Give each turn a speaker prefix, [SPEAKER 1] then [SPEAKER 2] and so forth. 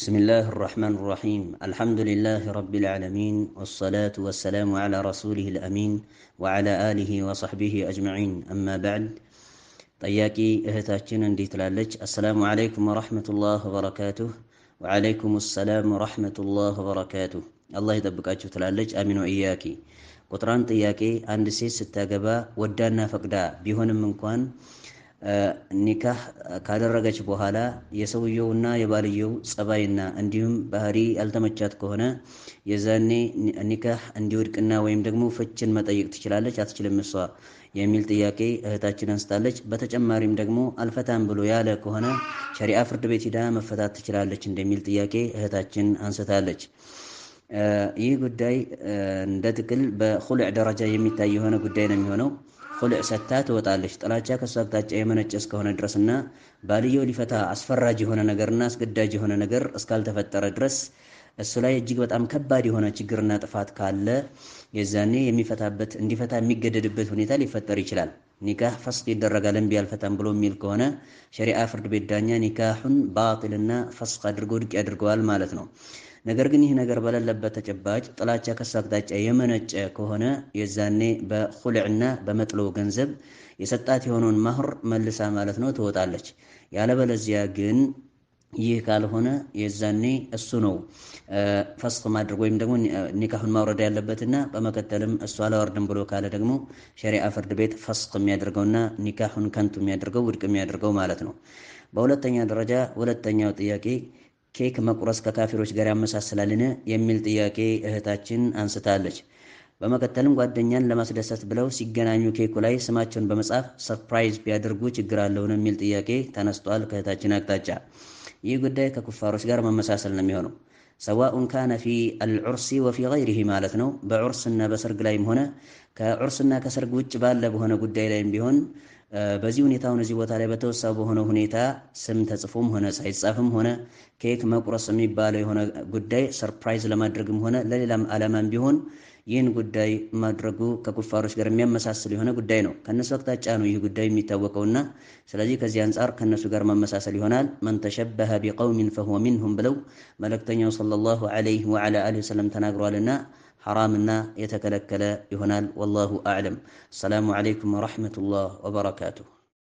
[SPEAKER 1] بسم الله الرحمن الرحيم الحمد لله رب العالمين والصلاة والسلام على رسوله الأمين وعلى آله وصحبه أجمعين أما بعد طياكي إهتاجين اندي تلالج السلام عليكم ورحمة الله وبركاته وعليكم السلام ورحمة الله وبركاته الله أجو تلالج آمين وإياكي قطران طياكي أندسي ستاقبا ودانا فقدا بيهون ቢሆንም እንኳን ኒካህ ካደረገች በኋላ የሰውየውና የባልየው ጸባይና እንዲሁም ባህሪ ያልተመቻት ከሆነ የዛኔ ኒካህ እንዲወድቅና ወይም ደግሞ ፍችን መጠየቅ ትችላለች አትችልም እሷ የሚል ጥያቄ እህታችን አንስታለች። በተጨማሪም ደግሞ አልፈታም ብሎ ያለ ከሆነ ሸሪአ ፍርድ ቤት ሂዳ መፈታት ትችላለች እንደሚል ጥያቄ እህታችን አንስታለች። ይህ ጉዳይ እንደ ጥቅል በኹልዕ ደረጃ የሚታይ የሆነ ጉዳይ ነው የሚሆነው ኹልዕ ሰታ ትወጣለች። ጥላቻ ከሱ አቅጣጫ የመነጨ እስከሆነ ድረስና ባልየው ሊፈታ አስፈራጅ የሆነ ነገርና አስገዳጅ የሆነ ነገር እስካልተፈጠረ ድረስ እሱ ላይ እጅግ በጣም ከባድ የሆነ ችግርና ጥፋት ካለ የዛኔ የሚፈታበት እንዲፈታ የሚገደድበት ሁኔታ ሊፈጠር ይችላል። ኒካህ ፈስቅ ይደረጋል እምቢ አልፈታም ብሎ የሚል ከሆነ ሸሪአ ፍርድ ቤት ዳኛ ኒካሁን ባጢልና ፈስቅ አድርጎ ውድቅ ያድርገዋል ማለት ነው። ነገር ግን ይህ ነገር በሌለበት ተጨባጭ ጥላቻ ከሱ አቅጣጫ የመነጨ ከሆነ የዛኔ በኹልዕና በመጥሎ ገንዘብ የሰጣት የሆነውን ማህር መልሳ ማለት ነው ትወጣለች። ያለበለዚያ ግን ይህ ካልሆነ የዛኔ እሱ ነው ፈስክ ማድረግ ወይም ደግሞ ኒካሁን ማውረድ ያለበትና በመቀጠልም እሱ አላወርድም ብሎ ካለ ደግሞ ሸሪዓ ፍርድ ቤት ፈስክ የሚያደርገውና ኒካሁን ከንቱ የሚያደርገው ውድቅ የሚያደርገው ማለት ነው። በሁለተኛ ደረጃ ሁለተኛው ጥያቄ ኬክ መቁረስ ከካፊሮች ጋር ያመሳስላልን የሚል ጥያቄ እህታችን አንስታለች። በመቀጠልም ጓደኛን ለማስደሰት ብለው ሲገናኙ ኬኩ ላይ ስማቸውን በመጻፍ ሰርፕራይዝ ቢያደርጉ ችግር አለውን የሚል ጥያቄ ተነስቷል ከእህታችን አቅጣጫ ይህ ጉዳይ ከኩፋሮች ጋር መመሳሰል ነው የሚሆነው። ሰዋኡን ካነ ፊ አልዑርሲ ወፊ ገይሪሂ ማለት ነው። በዑርስና በሰርግ ላይም ሆነ ከዑርስና ከሰርግ ውጭ ባለ በሆነ ጉዳይ ላይም ቢሆን በዚህ ሁኔታ አሁን እዚህ ቦታ ላይ በተወሳ በሆነ ሁኔታ ስም ተጽፎም ሆነ ሳይጻፍም ሆነ ኬክ መቁረስ የሚባለው የሆነ ጉዳይ ሰርፕራይዝ ለማድረግም ሆነ ለሌላም ዓላማም ቢሆን ይህን ጉዳይ ማድረጉ ከኩፋሮች ጋር የሚያመሳስል የሆነ ጉዳይ ነው። ከእነሱ አቅጣጫ ነው ይህ ጉዳይ የሚታወቀውና ስለዚህ ከዚህ አንጻር ከእነሱ ጋር መመሳሰል ይሆናል። መን ተሸበሀ ቢቀውሚን ፈሁወ ሚንሁም ብለው መልእክተኛው ሰለላሁ ዐለይሂ ወዐላ አሊሂ ወሰለም ተናግሯልና። حرام حرامنا يتكلكل يهنال والله أعلم السلام عليكم ورحمة الله وبركاته